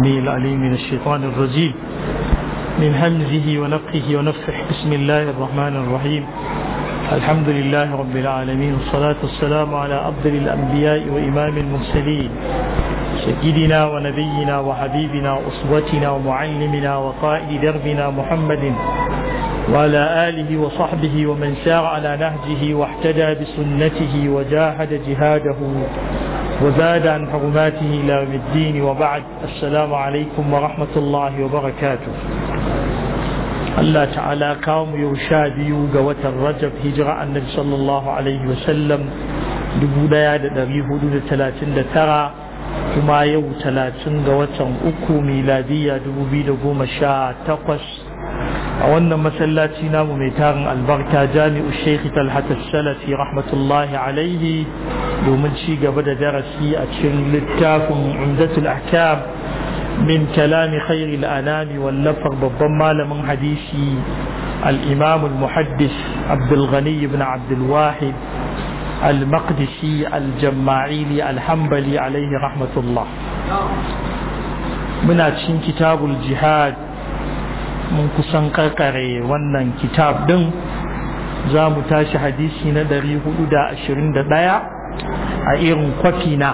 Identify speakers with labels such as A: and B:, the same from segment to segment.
A: العليم من الشيطان الرجيم من همزه ونفخه ونفخه بسم الله الرحمن الرحيم الحمد لله رب العالمين والصلاة والسلام على أفضل الأنبياء وإمام المرسلين سيدنا ونبينا وحبيبنا وأسوتنا ومعلمنا وقائد دربنا محمد وعلى آله وصحبه ومن سار على نهجه واحتدى بسنته وجاهد جهاده وزاد عن حرماته إلى يوم الدين وبعد السلام عليكم ورحمة الله وبركاته Allah ta'ala kawo mu yau sha biyu ga watan Rajab hijira annabi sallallahu alaihi wa كما يو kuma yau أكو ميلادية watan بيدو miladiya تقص a wannan masallaci namu mai tarin albarka jami'u sheikh talhat salafi rahmatullahi alaihi domin ci gaba da darasi a cikin littafin umdatul ahkam min kalami khairil anami wallafar babban malamin hadisi al muhaddis abdul ghani ibn abdul wahid al-maqdisi al-jamma'ili al-hanbali alaihi rahmatullah muna cikin kitabul jihad mun kusan karkare wannan kitab din za mu tashi hadisi na 421 a irin kwafi na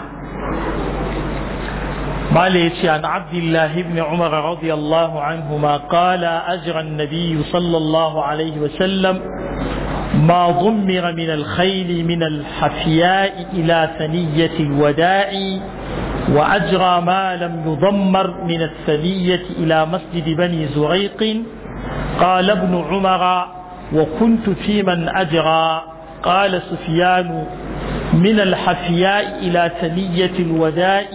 A: bala ya ce an abdullahi ibn umar radiyallahu anhu ma kala ajiran nabiyu sallallahu alaihi wasallam ما ضمر من الخيل من الحفياء إلى ثنية الوداع وأجرى ما لم يضمر من الثنية إلى مسجد بني زريق قال ابن عمر وكنت في من أجرى قال سفيان من الحفياء إلى ثنية الوداء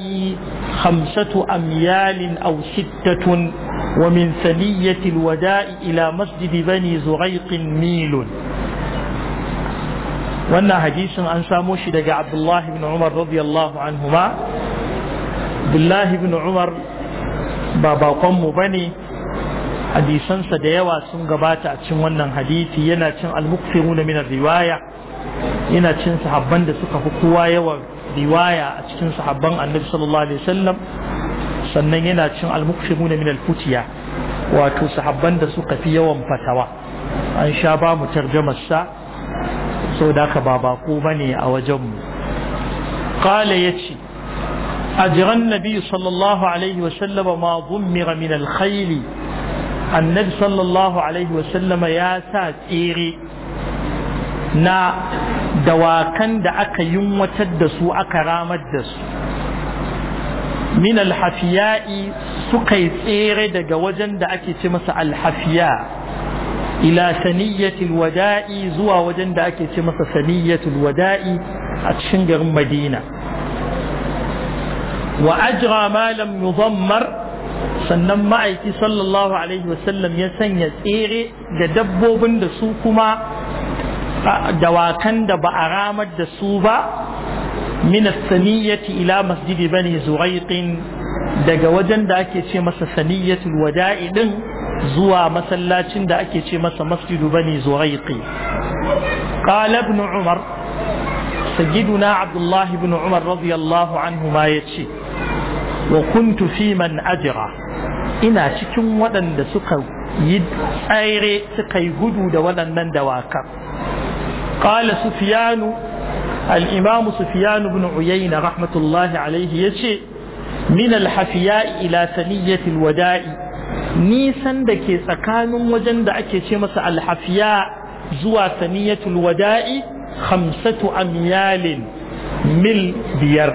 A: خمسة أميال أو ستة ومن ثنية الوداء إلى مسجد بني زريق ميل وأن حديث an samo عبد الله بن عمر رضي الله عنهما abdullahi bin umar ba bakonmu ba ne hadisansa da yawa sun gabata a cin wannan hadisi yana cin almukfiru na minar riwaya yana cin sahabban da suka fi kowa yawan riwaya a cikin sahabban annabi sallallahu alaihi wasallam sannan yana cin almukfiru wato sahabban da suka fi yawan fatawa an sha ba mu tarjamarsa sau da ka ba bako ba a wajenmu ƙala ya ce أجر النبي صلى الله عليه وسلم ما ضمر من الخيل النبي صلى الله عليه وسلم يا إيري na dawakan da aka yunwatar da su aka ramar da su min alhafiya'i suka yi tsere daga wajen da ake ce masa alhafiya ila saniyatul wada'i zuwa wajen da ake ce masa saniyatul wada'i a cikin garin madina wa ajra ma lam yudammar sannan ma'aiki sallallahu alaihi wasallam ya sanya tsere da dabbobin da su kuma dawakan da ba a ramar da su ba min saniyati ila masjidi bani zuraiqin daga wajen da ake ce masa saniyatul wada'i din zuwa masallacin da ake ce masa masjid bani zuraiqi qala ibn umar sayyiduna abdullah ibn umar radiyallahu anhu ma yace wa kuntu fi man ajira ina cikin waɗanda suka yi tsere suka yi gudu da waɗannan dawaka ƙala sufyanu al imamu sufyan ibn uyayna rahmatullahi ya yace min al ila saniyyatil wadai nisan da ke tsakanin wajen da ake ce masa alhafiya zuwa saniyatul wada'i khamsatu amyalin mil biyar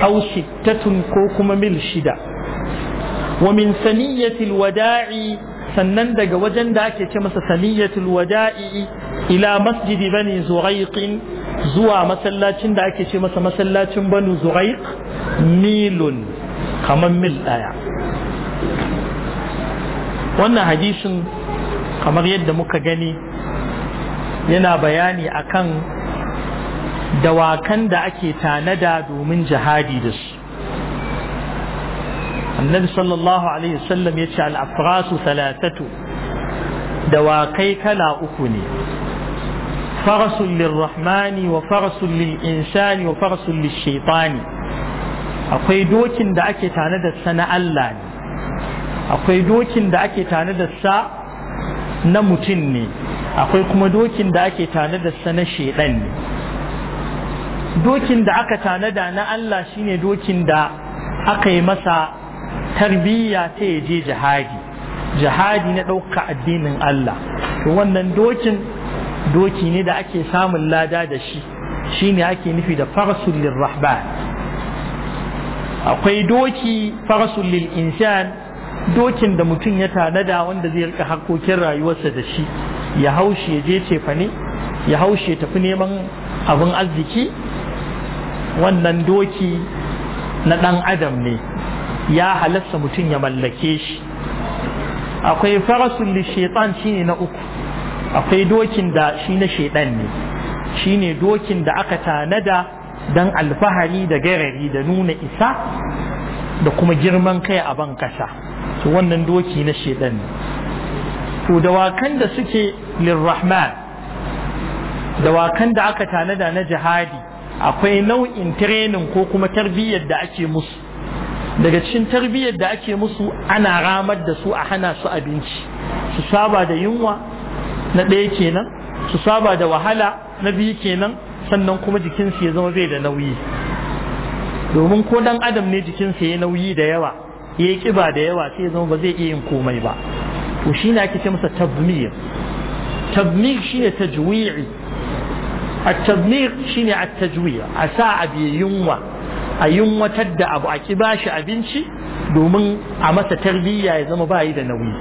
A: aw sittatun ko kuma mil shida wa min saniyatil wada'i sannan daga wajen da ake ce masa saniyatul wada'i ila masjidi bani zuraiqin zuwa masallacin da ake ce masa masallacin banu zuraiq milun kamar mil daya wannan hadisin kamar yadda muka gani yana bayani akan dawakan da ake tanada domin jihadi da su annabi sallallahu alaihi wasallam ya ce al'afrasu salatatu dawakai kala uku ne farasun lirrahmani wa farasun lil'insani wa farasun lishaitani akwai dokin da ake tanada sa na Allah ne akwai dokin da ake tanada sa na mutum ne akwai kuma dokin da ake tanada sa na shaidan ne dokin da aka tanada na Allah shine dokin da aka yi masa tarbiyya ta je jihadi jihadi na ɗauka addinin Allah wannan dokin doki ne da ake samun lada da shi shine ake nufi da farsul lirrahban akwai doki farsul insan dokin da mutum ya tanada wanda zai rika harkokin rayuwarsa da shi ya haushi ya je cefane ya haushi ya tafi neman abin arziki wannan doki na ɗan adam ne ya halasta mutum ya mallake shi akwai farasun lishetan shi ne na uku akwai dokin da shi na shaiɗan ne shi ne dokin da aka tanada don alfahari da garari da nuna isa da kuma girman kai a ban kasa to wannan doki na shaiɗan ne to dawakan da suke lirrahman dawakan da aka tanada na jihadi akwai nau'in training ko kuma tarbiyyar da ake musu daga cikin tarbiyyar da ake musu ana ramar da su a hana su abinci su saba da yunwa na ɗaya kenan su saba da wahala na biyu kenan sannan kuma jikinsu ya zama bai da nauyi domin ko dan adam ne jikinsa ya nauyi da yawa ya kiba da yawa sai ya zama ba zai iya yin komai ba to shi ne ake ce masa tabmir tabmir shi ne tajwi'i التضمير شيني التجويع أساء بينوى أينوى تد أبو أكباش أبنشي دومن أمس تربية يزم بايد نوي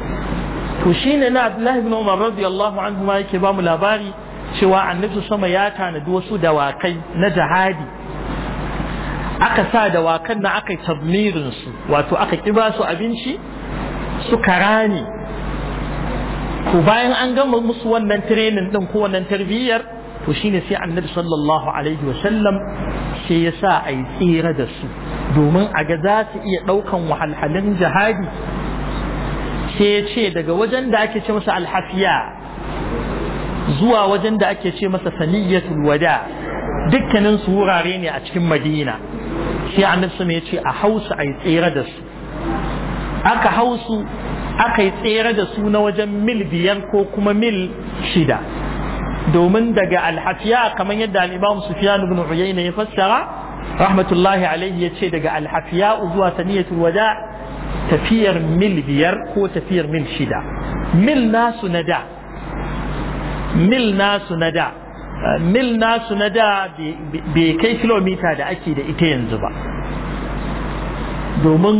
A: وشيني نا عبد الله بن عمر رضي الله عنه ما يكبام لاباري cewa annabi sama ya tanadi wasu dawakai na jihadi aka sa dawakan na aka yi wato aka kiba su abinci su karani. Ko bayan an gama musu wannan tirenin din ko wannan tarbiyyar to shine sai annabi sallallahu alaihi wa sallam sai ya sa a yi tsira da su domin a ga za su iya ɗaukan wahalhalin jihadi sai ya ce daga wajen da ake ce masa alhafiya zuwa wajen da ake ce masa saniyyatul wada dukkanin su wurare ne a cikin madina sai annabi sama ya ce a hausu a yi tsira da su aka hausu aka yi tsere da su na wajen mil biyar ko kuma mil shida domin daga alhafiya kamar yadda al'imam sufyan ibn uyayna ya fassara rahmatullahi alaihi ya ce daga alhafiya zuwa saniyatul wada tafiyar mil biyar ko tafiyar mil shida mil nasu na da mil nasu na da mil nasu na da bai kai kilomita da ake da ita yanzu ba domin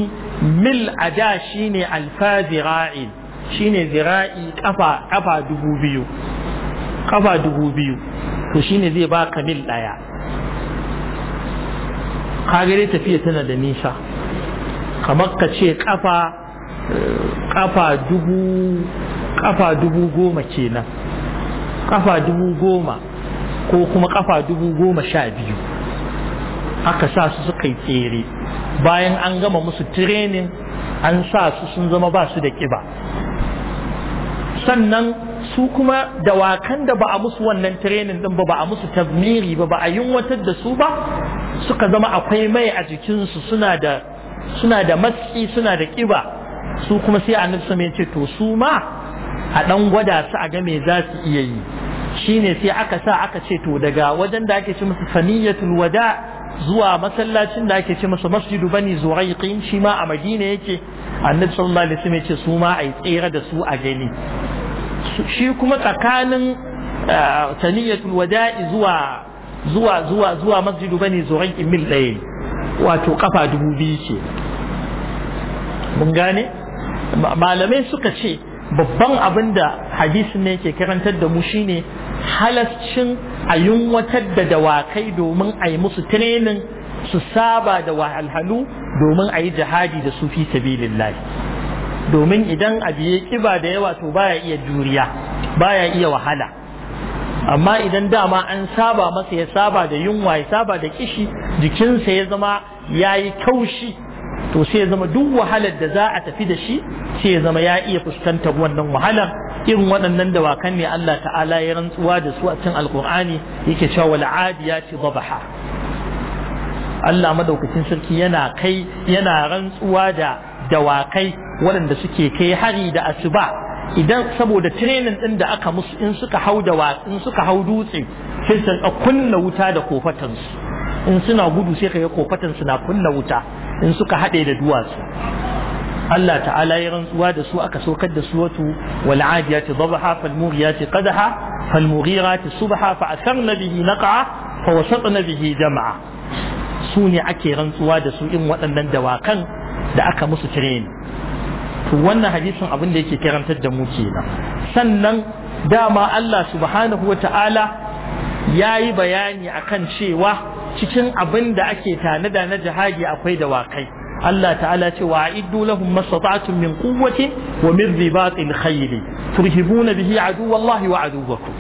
A: mil a da shine alfa zira'in shine zira'i ƙafa kafa dubu biyu kafa dubu biyu to shine zai baka mil ɗaya kagare tafiya tana da nisa kamar ka ce kafa dubu kafa dubu goma kenan kafa dubu goma ko kuma kafa dubu goma sha biyu aka sa su suka yi tsere bayan an gama musu tirenin an sa su sun zama ba su da ƙiba sannan su kuma dawakan da ba a musu wannan training din ba ba a musu tazmiri ba ba a yunwatar da su ba suka zama akwai mai a jikinsu suna da suna da matsi suna da kiba su kuma sai annabi sama ya ce to su ma a dan gwada su a ga me za su iya yi shine sai aka sa aka ce to daga wajen da ake ce musu faniyatul wada zuwa masallacin da ake ce musu masjidu bani zuraiqin shi ma a madina yake annabi sallallahu alaihi wasallam ya ce su ma ai tsere da su a gani shi kuma tsakanin eh, taniyatul wada'i zuwa zuwa zuwa zuwa masjidu bane zuran mil ɗaya wato kafa dubu biyu ce mun gane malamai suka ce babban abin da hadisin ne ke karantar da mu shine halascin a yunwatar da dawakai domin a yi musu tirenin su saba da wahalhalu domin a yi jihadi da su fi sabilillahi domin idan abu ya kiba da yawa to baya iya juriya baya iya wahala amma idan dama an saba masa ya saba da yunwa ya saba da kishi jikinsa ya zama ya yi kaushi to sai ya zama duk wahalar da za a tafi da shi sai ya zama ya iya fuskantar wannan wahalar irin waɗannan dawakan ne Allah ta'ala ya rantsuwa da su a cikin alkur'ani yake cewa wal'adiyati dhabaha Allah madaukakin sarki yana kai yana rantsuwa da dawakai waɗanda suke kai hari da asuba idan saboda tirenin ɗin da aka musu in suka hau da in suka hau dutse sai su kunna wuta da kofatansu in suna gudu sai ka yi kofatansu na kunna wuta in suka haɗe da duwatsu Allah ta'ala ya rantsuwa da su aka saukar da su wato wal adiyati dhabha fal mughiyati qadaha fal mughirati subha fa asarna bihi naqa fa wasatna bihi jama'a su ne ake rantsuwa da su in waɗannan dawakan da aka musu tireni to wannan hadisin abin da yake karantar da mu kenan sannan dama Allah subhanahu wa ta'ala ya yi bayani akan cewa cikin abin da ake tanada na jihadi akwai dawakai Allah ta'ala ce wa iddu lahum mastata'tum min quwwati wa min ribatil khayl turhibuna bihi aduwallahi wa aduwwakum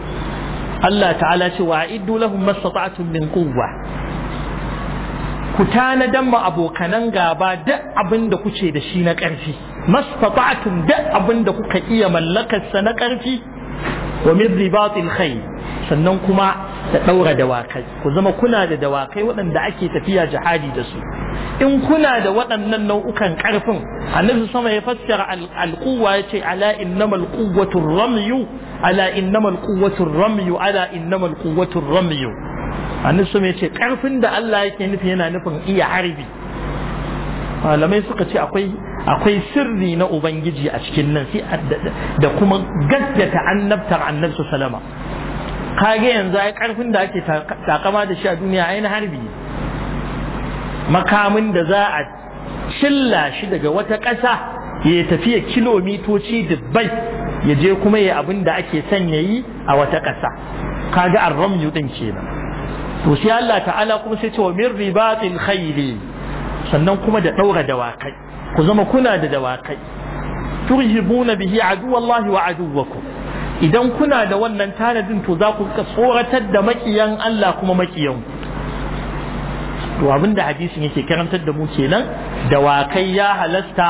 A: Allah ta'ala ce wa iddu lahum mastata'tum min quwwa ku tanadan ma abokanan gaba duk abin da kuce da shi na ƙarfi mastata'tum duk abin da kuka iya mallakarsa na ƙarfi wa min ribatil khayr sannan kuma da daura dawakai ku zama kuna da dawakai waɗanda ake tafiya jihadi da su in kuna da waɗannan nau'ukan ƙarfin annabi sama ya fassara alquwa yace ala innamal quwwatur ramyu ala innamal quwwatur ramyu ala innamal quwwatur ramyu annisu mai ce karfin da Allah yake nufi yana nufin iya harbi malamai suka ce akwai akwai sirri na ubangiji a cikin nan sai da kuma gaskata annabtar annabi salama kage yanzu ai karfin da ake takama da shi a duniya ai na harbi makamin da za a cilla shi daga wata ƙasa ya tafiya kilomitoci dubbai ya je kuma ya abin da ake son yayi a wata ƙasa kaga arramyu din kenan to sai Allah ta'ala kuma sai ce wa min ribatil khayli sannan kuma da daura dawakai ku zama kuna da dawakai turhibuna bihi aduwallahi wa aduwakum idan kuna da wannan tanadin to za ku tsoratar da makiyan Allah kuma makiyan to abinda hadisin yake karantar da mu kenan dawakai ya halasta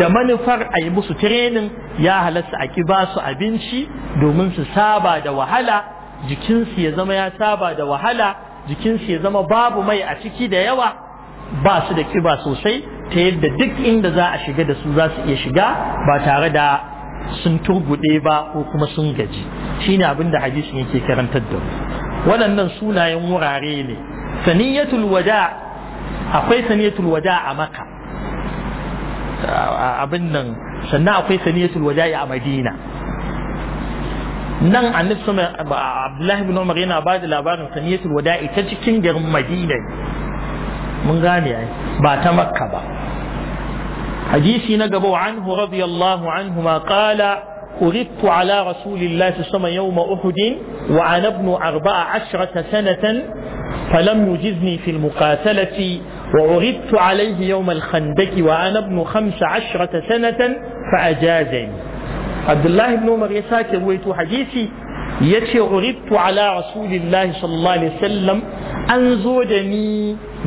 A: da manufar a yi musu tirenin ya halasta a ki ba su abinci domin su saba da wahala jikinsu ya zama ya saba da wahala jikinsu ya zama babu mai a ciki da yawa ba su da kiba sosai ta yadda duk inda za a shiga da su za su iya shiga ba tare da sun turgude ba ko kuma sun gaji Shi ne abin da hadisi yake karantar da waɗannan sunayen wurare ne saniyatul wada akwai saniyatul wada a maka abin nan sannan akwai saniyatul wada a madina nan annabi sama Abdullahi ibn Umar yana ba da labarin saniyatul wada'i ta cikin garin Madina mun gane ai ba ta Makka ba hadisi na gaba wa anhu radiyallahu anhu ma qala أردت على رسول الله صلى الله عليه وسلم يوم أحد وأنا ابن أربع عشرة سنة فلم يجزني في المقاتلة وعرضت عليه يوم الخندق وأنا ابن خمس عشرة سنة فأجازني abdullahi ibn umar ya sake ruwaito hadisi yace ce uribtu ala rasulillahi sallallahu alaihi wasallam an zo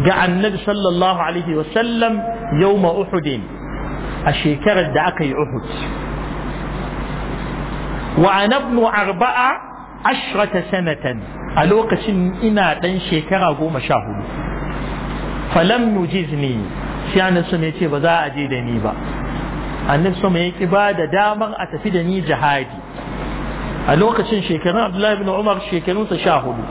A: ga annabi sallallahu alaihi wasallam yawma uhudin a shekarar da aka yi uhud wa ana arba'a ashrata sanatan a lokacin ina dan shekara goma sha hudu falam nujizni sai annabi ya ce ba za a je da ni ba annabi sama ya ki ba da damar a tafi da ni jihadi a lokacin shekarun abdullahi ibn umar shekarun sa sha hudu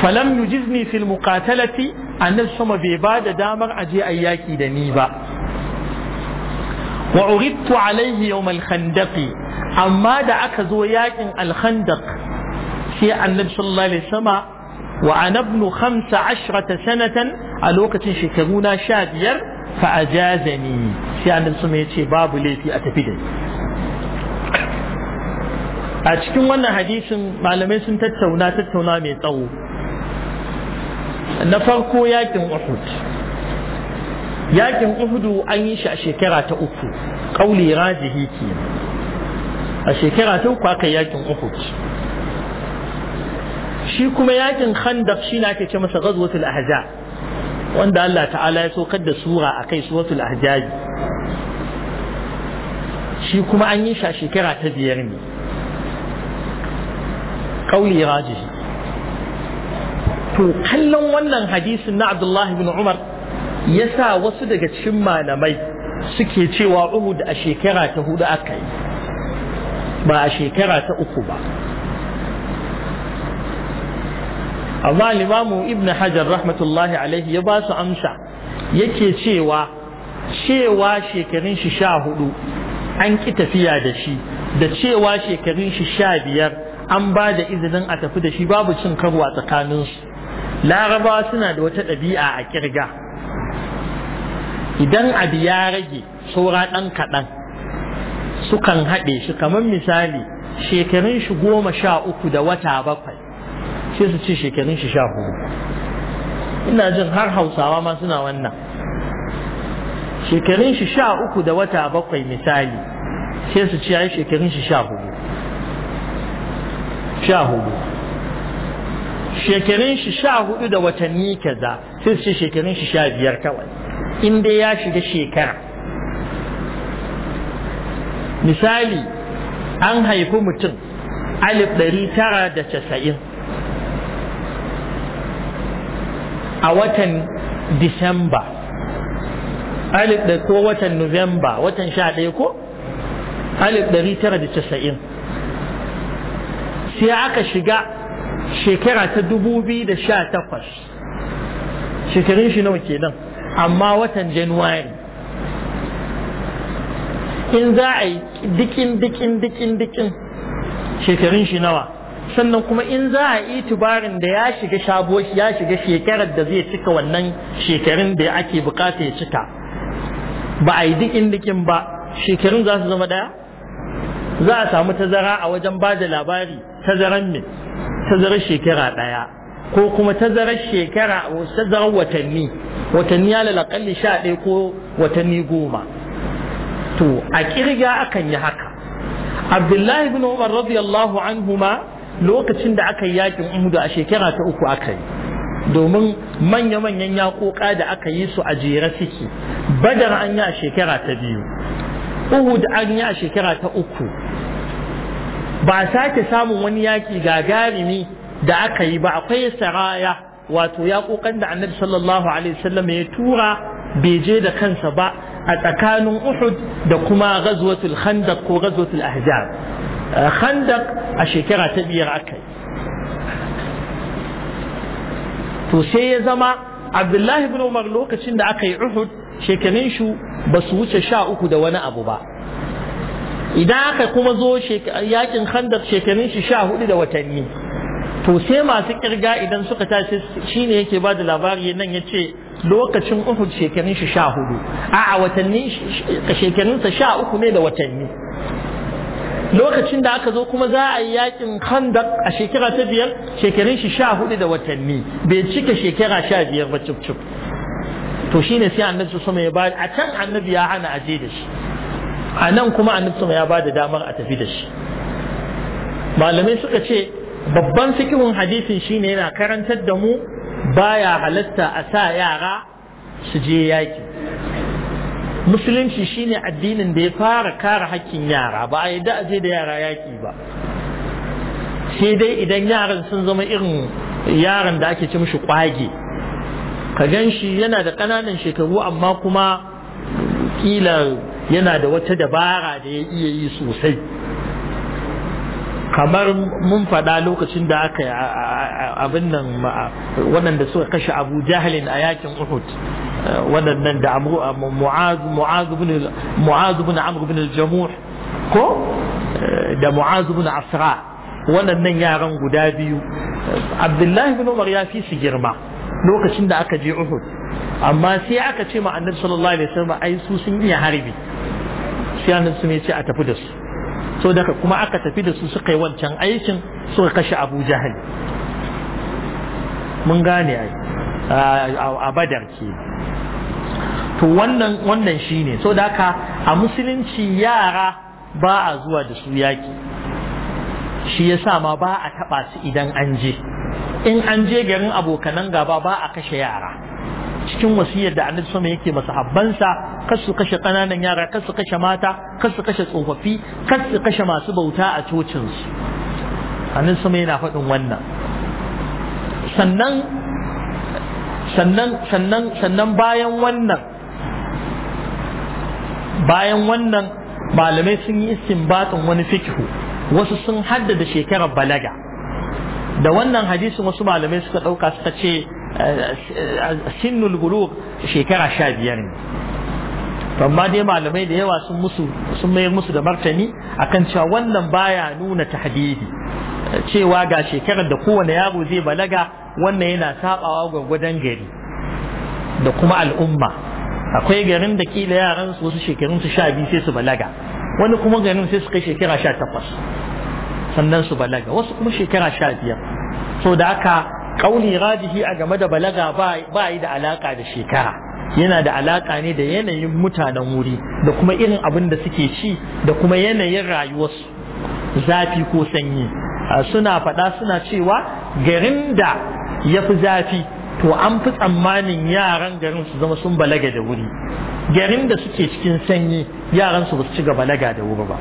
A: falam yujizni fil muqatalati annabi sama bai ba da damar a je ayyaki da ni ba wa uridtu alayhi yawm al khandaq amma da aka zo yakin al khandaq sai annabi sallallahu alaihi wasallam wa ana ibn 15 sanatan a lokacin shekaruna 15 fa ajazani sai annabi sama ce babu laifi a tafi da a cikin wannan hadisin malamai sun tattauna tattauna mai tsawo na farko yakin uhud yakin uhudu an yi shi a shekara ta uku kauli rajihi ke a shekara ta uku aka yakin uhud shi kuma yakin khandaq shi na ake ce masa ghazwatul ahzab wanda Allah ta'ala ya saukar da sura akai suratul ahjaj shi kuma an yi sha shekara ta biyar ne kauli raji to kallon wannan hadisin na abdullahi bin umar ya sa wasu daga cikin malamai suke cewa uhud a shekara ta hudu aka yi ba a shekara ta uku ba amma limamu ibn hajar rahmatullahi alaihi ya ba su amsa yake cewa cewa shekarun shi sha hudu an ki tafiya da shi da cewa shekarun shi sha biyar an ba da izinin a tafi da shi babu cin karo a tsakaninsu larabawa suna da wata ɗabi'a a kirga idan abu ya rage saura ɗan kaɗan sukan haɗe shi kamar misali shekarun shi goma sha uku da wata bakwai sai su ce shekarun shi sha hudu ina jin har hausawa ma suna wannan shekarun shi sha uku da wata bakwai misali sai su ce ai shekarun shi sha hudu sha hudu shekarun shi sha hudu da watanni kaza sai su ce shekarun shi sha biyar kawai in dai ya shiga shekara misali an haifi mutum alif ɗari tara da casa'in a watan disamba alif da ko watan novemba watan sha ɗaya ko alif ɗari tara da casa'in sai aka shiga shekara ta dubu biyu da sha takwas shekarun shi nawa kenan amma watan januwari in za a yi dikin dikin dikin dikin shekarun shi nawa sannan kuma in za a itibarin da ya shiga shabo ya shiga shekarar da zai cika wannan shekarun da ake bukata ya cika ba a yi duk indikin ba shekarun za su zama daya za a samu tazara a wajen ba da labari tazaran me tazarar shekara daya ko kuma tazarar shekara ko tazarar watanni watanni ya lalakalli sha ɗaya ko watanni goma to a kirga akan yi haka abdullahi bin umar radiyallahu anhuma lokacin da aka yi yakin uhudu a shekara ta uku aka yi domin manya-manyan yakoka da aka yi su a jere suke badar an yi a shekara ta biyu uhud an yi a shekara ta uku ba sake samun wani yaki gagarumi da aka yi ba akwai saraya wato yakokan da annabi sallallahu alaihi wasallam ya tura bai je da kansa ba a tsakanin uhud da kuma ghazwatul khandaq ko ghazwatul ahzab Eh, khandak a shekara ta biyar aka yi to sai ya zama abdullahi ibn umar lokacin da aka yi uhud shekarun shu ba su wuce sha uku da wani abu ba idan aka kuma zo yakin khandak shekarun shi sha hudu da watanni to sai masu kirga idan suka tashi shine yake ba da labari nan ya ce lokacin uhud shekarun shi sha hudu a watanni shekarunsa sha uku ne da watanni lokacin da aka zo kuma za a yi yakin khandak a shekara ta biyar shekarun shi sha hudu da watanni bai cika shekara sha biyar ba cif To to ne sai annabi sama ya bada a can annabi ya hana aje da shi a nan kuma annabi sama ya bada damar a tafi da shi malamai suka ce babban fikihun hadisin shine yana karantar da mu baya halatta a sa yara su je yaki musulunci shine addinin da ya fara kare hakkin yara ba a yadda je da yara yaki ba sai dai idan yaran sun zama irin yaran da ake ci mushi kwage ka gan shi yana da ƙananan shekaru amma kuma kila yana da wata dabara da ya iya yi sosai kamar mun faɗa lokacin da aka abin nan waɗanda suka kashe abu jahalin a yakin uhud eh, waɗannan da mu'azu bin amr bin al-jamuh ko eh, da mu'azu bin asra waɗannan yaran guda biyu eh, abdullahi bin umar ya fi su girma lokacin da aka je uhud amma sai aka ce ma annabi sallallahu alaihi wasallam ai su sun iya harbi sai annabi sun ce a tafi da su so daga kuma aka tafi da su suka yi wancan aikin suka kashe abu jahil mun gane a badar ke to wannan shi ne so daga a musulunci yara ba a zuwa da su yaki shi yasa ma ba a taba su idan an je in an je garin abokanan gaba ba a kashe yara cikin wasiyar da annabi sama yake masahabbansa kar su kashe ƙananan yara kar su kashe mata kar su kashe tsofaffi kar su kashe masu bauta a cocin su annabi sama yana faɗin wannan sannan sannan sannan sannan bayan wannan bayan wannan malamai sun yi istinbatin wani fikihu wasu sun haddada shekarar balaga da wannan hadisin wasu malamai suka ɗauka suka ce sin bulugh shekara sha biyar ne amma dai malamai da yawa sun musu sun mayar musu da martani akan cewa wannan baya nuna tahdidi cewa ga shekarar da kowane yaro zai balaga wannan yana sabawa gwagwadon gari da kuma al'umma akwai garin da kila yaran su wasu shekarun su sha biyu sai su balaga wani kuma garin sai su kai shekara sha takwas sannan su balaga wasu kuma shekara sha biyar so da aka kauli radihi a game da balaga ba yi da alaka da shekara yana da alaka ne da yanayin mutanen wuri da kuma irin abin da suke ci da kuma yanayin rayuwarsu zafi ko sanyi suna faɗa suna cewa garin da ya fi zafi to an fi tsammanin yaran garin su zama sun balaga da wuri garin da suke cikin sanyi yaran su ba su ci ga balaga da wuri ba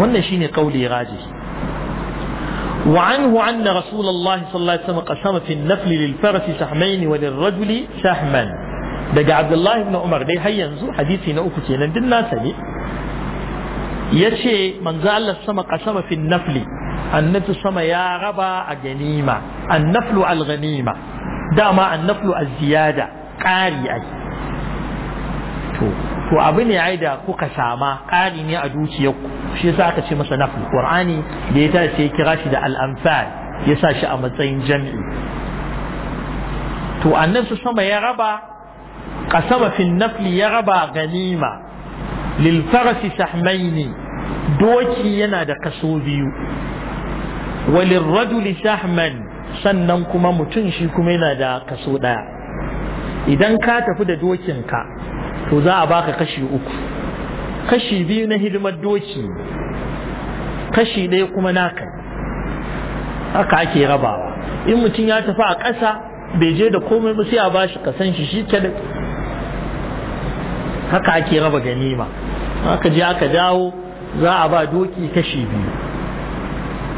A: wannan shine kauli radihi وعنه عن رسول الله صلى الله عليه وسلم قسم في النفل للفرس سحمين وللرجل سحما دقى عبد الله بن عمر دي هيا نزو حديثي نوكو تينا دي الناس دي يشي من زال السما قسم في النفل النت السما يا غبا أغنيمة النفل الغنيمة دعما النفل الزيادة قاري أي to abu ne ai da kuka sama ƙari ne a dukiyarku shi yasa aka ce masa nafi qur'ani da ya tashi ya kira shi da al-anfal ya sa shi a matsayin jami'i to annan su sama ya raba qasama fil nafli ya raba ganima lil farasi sahmaini doki yana da kaso biyu walil rajuli sahman sannan kuma mutum shi kuma yana da kaso daya idan ka tafi da dokinka to za a baka kashi uku kashi biyu na hidimar doki kashi ɗaya kuma naka haka ake rabawa in mutum ya tafi a ƙasa bai je da komai ba sai a bashi kasan shi shi ke haka ake raba ganima Haka je aka dawo za a ba doki kashi biyu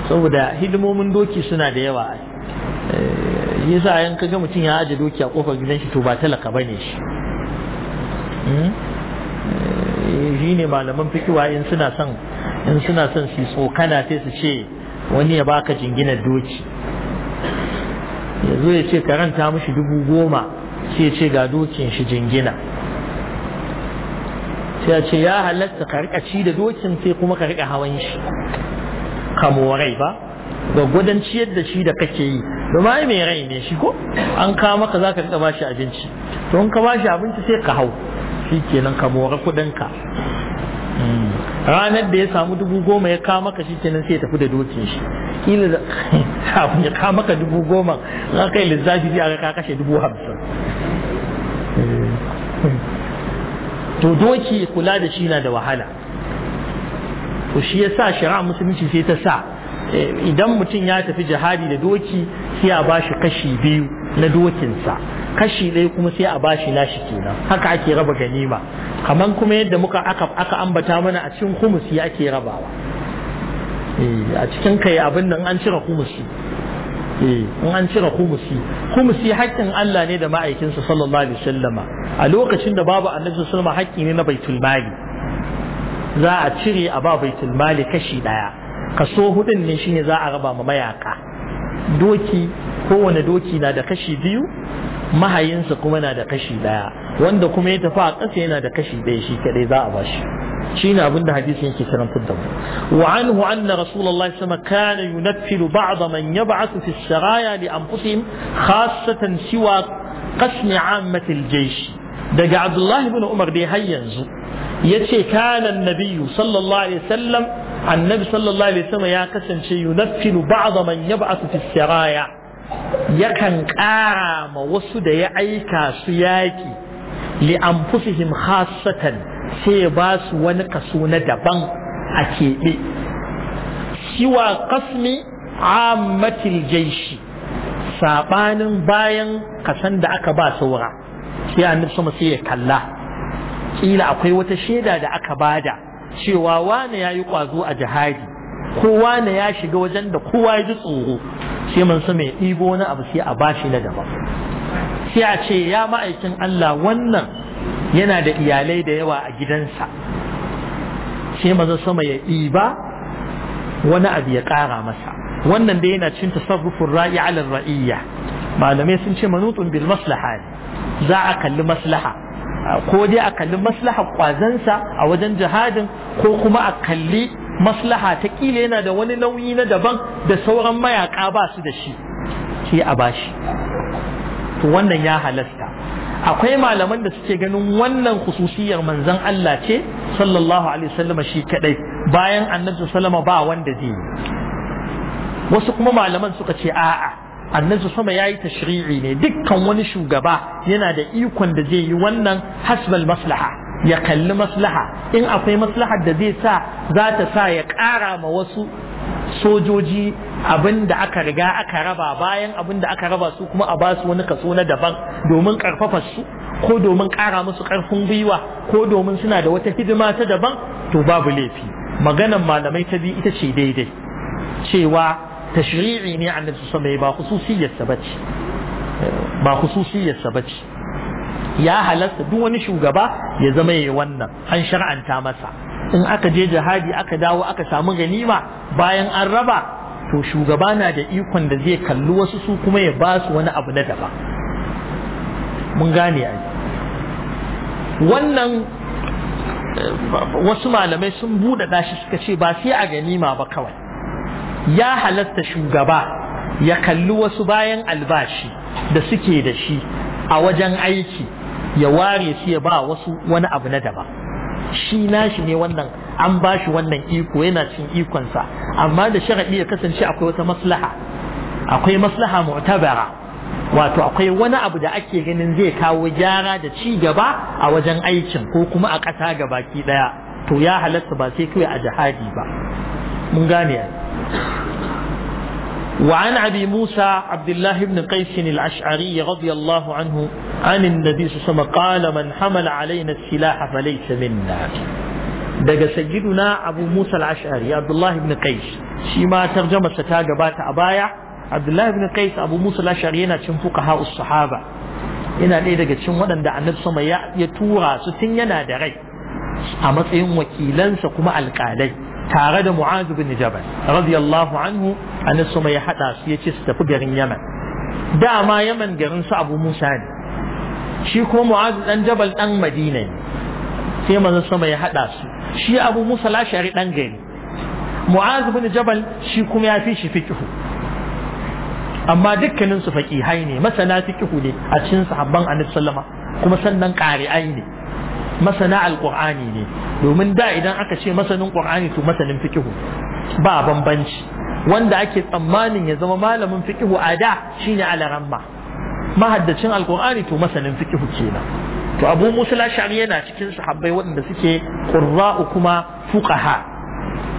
A: saboda hidimomin doki suna da yawa eh, yasa yan kaga mutum ya aje doki a kofar gidan shi to ba talaka bane shi Hmm? Eh, shi ne malaman fikiwa in suna son in suna son su tsokana sai su ce wani ya baka jingina doki ya zo ya ce karanta mushi dubu goma sai ce ga dokin shi jingina sai ya ce ya halatta ka rika ci da dokin sai kuma ka rika hawan shi kamorai ba gwadon ciyar da shi da kake yi domin ai mai rai ne shi ko an kama ka za ka rika bashi abinci to in ka bashi abinci sai ka hau shi kenan ka more kuɗinka hmm. ranar da ya samu dubu goma ya kawo maka shi kenan sai ya tafi da dokin shi kila kafin ya kawo maka dubu goma za ka yi lissafi sai ka kashe dubu hamsin to doki kula da shi na da wahala to shi ya sa shari'a musulunci sai ta sa eh, idan mutum ya tafi jihadi da doki sai a ba shi kashi biyu na dokinsa kashi ɗaya kuma sai a bashi nashi kenan haka ake raba ganima kaman kuma yadda muka aka aka ambata mana a cikin humusi ake rabawa eh, a cikin kai abin nan an cire humusi eh, in an cire humusi humusi haƙƙin Allah ne da ma'aikinsa sallallahu alaihi wasallama a lokacin da babu annabi sallallahu alaihi haƙƙi ne na baitul mali za a cire a ba baitul mali kashi daya kaso hudun ne shine za a raba ma mayaka doki kowane doki na da kashi biyu mahayinsa kuma na da kashi daya wanda kuma ya tafi a ƙasa yana da kashi daya shi kadai za a ba shi shi ne abin da hadisi yake kiran fudda mu wa anhu anna rasulullahi sama kana yunaffilu ba'd man yab'athu fi sharaya li anfusihim khassatan siwa qasmi 'ammati al-jaysh daga abdullahi ibn umar dai har yanzu yace kana an nabiy sallallahu alaihi wasallam annabi sallallahu alaihi wasallam ya kasance yunaffilu ba'd man yab'athu fi sharaya yakan ƙara ma wasu da ya aika su yaƙi li anfusihim khassatan sai ba su wani kaso na daban a keɓe siwa kasmi ammatil jaishi sabanin bayan kasan da aka ba saura sai annabi sama sai ya kalla kila akwai wata shaida da aka bada cewa wane ya yi kwazo a jihadi ko wane ya shiga wajen da kowa ya ji tsoro sai man su mai ɗibo wani abu sai a bashi na daban sai a ce ya ma'aikin Allah wannan yana da iyalai da yawa a gidansa sai maza sama ya ɗiba wani abu ya ƙara masa wannan da yana cin tasarrufin ra'i alal ra'iyya malamai sun ce manutun bil maslaha ne za a kalli maslaha ko dai a kalli maslaha kwazansa a wajen jihadin ko kuma a kalli maslaha ta kila yana da wani nauyi na daban da sauran mayaka ba su da shi shi a bashi to wannan ya halasta akwai malaman da suke ganin wannan khususiyar manzon Allah ce sallallahu alaihi wasallam shi kadai bayan annabi sallama ba wanda zai wasu kuma malaman suka ce a'a annabi sama yayi tashri'i ne dukkan wani shugaba yana da ikon da zai yi wannan hasbal maslaha ya kalli maslaha in akwai maslahar da zai sa za ta sa ya ƙara ma wasu sojoji abin da aka riga aka raba bayan abin da aka raba su kuma a basu wani kaso na daban domin ƙarfafa su ko domin ƙara musu ƙarfin gwiwa ko domin suna da wata hidima ta daban to babu laifi maganan malamai ta biyu ita ce daidai cewa tashri'i ne annabi su alaihi wasallam ba khususiyarsa ba khususiyarsa bace ya halasta duk wani shugaba ya zama yayi wannan an shar'anta masa in aka je jihadi aka dawo aka samu ganima bayan an raba to shugaba na da ikon da zai kalli wasu su kuma ya ba su wani abu na daban mun gane ai wannan eh, wasu malamai sun buɗe shi suka ce ba sai a ganima ba kawai ya halasta shugaba ya kalli wasu bayan albashi da suke da shi a wajen aiki ya ware shi ya ba wasu wani abu na daba shi nashi ne wannan an ba shi wannan iko yana cin ikonsa amma da sharaɗi ya kasance akwai wata maslaha akwai maslaha mu'tabara wato akwai wani abu da ake ganin zai kawo gyara da ci gaba a wajen aikin ko kuma a ƙasa ga baki ɗaya to ya halatta ba sai kawai a jihadi ba mun gane وعن أبي موسى عبد الله بن قيس الأشعري رضي الله عنه عن النبي صلى الله عليه وسلم قال من حمل علينا السلاح فليس منا daga sayyiduna abu musa al-ash'ari abdullah ibn qais shi ma tarjamarsa ta gabata a baya abdullah ibn qais abu musa al-ash'ari yana cin fuqaha sahaba yana ɗaya daga cikin waɗanda annabi sama ya tura su tun yana da rai a matsayin wakilansa kuma alƙalai tare da mu'azu bin jabal radiyallahu anhu annabi sama ya hada su yace su tafi garin yaman dama yaman garin su abu musa ne shi kuma mu'az dan jabal dan madina ne sai manzon sama ya hada su shi abu musa lashari dan gari mu'azu bin jabal shi kuma ya fi shi fiqhu amma dukkanin su faqihai ne masana fiqhu ne a cikin sahabban annabi sallama kuma sannan qari'ai ne masana Alƙur'ani ne domin da idan aka ce masanin ƙur'ani to masanin fikihu ba bambanci wanda ake tsammanin ya zama malamin fikihu a da shine alaramma mahaddacin Alƙur'ani to masanin fikihu kenan to abu musa lashari yana cikin sahabbai waɗanda suke kurra'u kuma fuqaha